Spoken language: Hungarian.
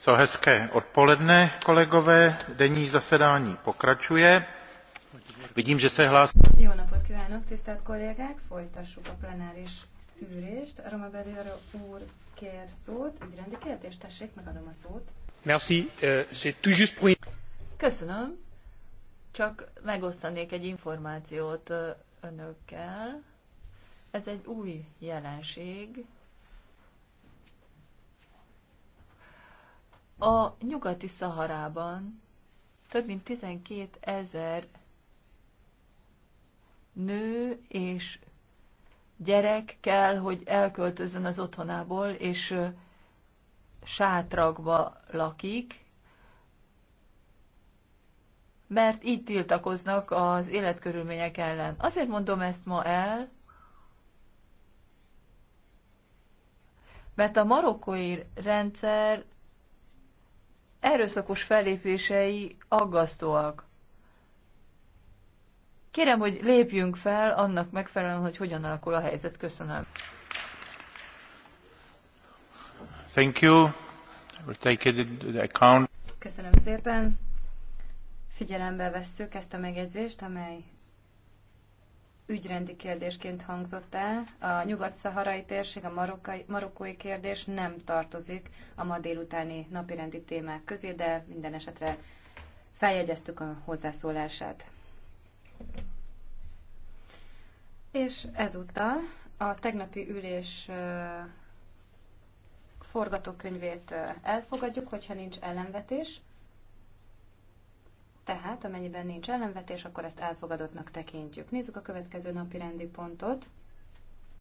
So hezké odpoledne, kolegové. Denní zasedání pokračuje. Vidím, že se hlásí. Jó napot kívánok, tisztelt kollégák! Folytassuk a plenáris ülést. Roma Belőr úr kér szót. Ügyrendi kérdést, tessék, megadom a szót. Merci, euh, c'est tout juste pour... Köszönöm. Csak megosztanék egy információt önökkel. Ez egy új jelenség, A nyugati Szaharában több mint 12 ezer nő és gyerek kell, hogy elköltözön az otthonából, és sátrakba lakik, mert így tiltakoznak az életkörülmények ellen. Azért mondom ezt ma el, mert a marokkói rendszer erőszakos fellépései aggasztóak. Kérem, hogy lépjünk fel annak megfelelően, hogy hogyan alakul a helyzet. Köszönöm. Thank you. We'll take it account. Köszönöm szépen. Figyelembe vesszük ezt a megjegyzést, amely ügyrendi kérdésként hangzott el. A nyugat-szaharai térség, a marokkai, marokkói kérdés nem tartozik a ma délutáni napirendi témák közé, de minden esetre feljegyeztük a hozzászólását. És ezúttal a tegnapi ülés forgatókönyvét elfogadjuk, hogyha nincs ellenvetés tehát amennyiben nincs ellenvetés, akkor ezt elfogadottnak tekintjük. Nézzük a következő napi rendi pontot.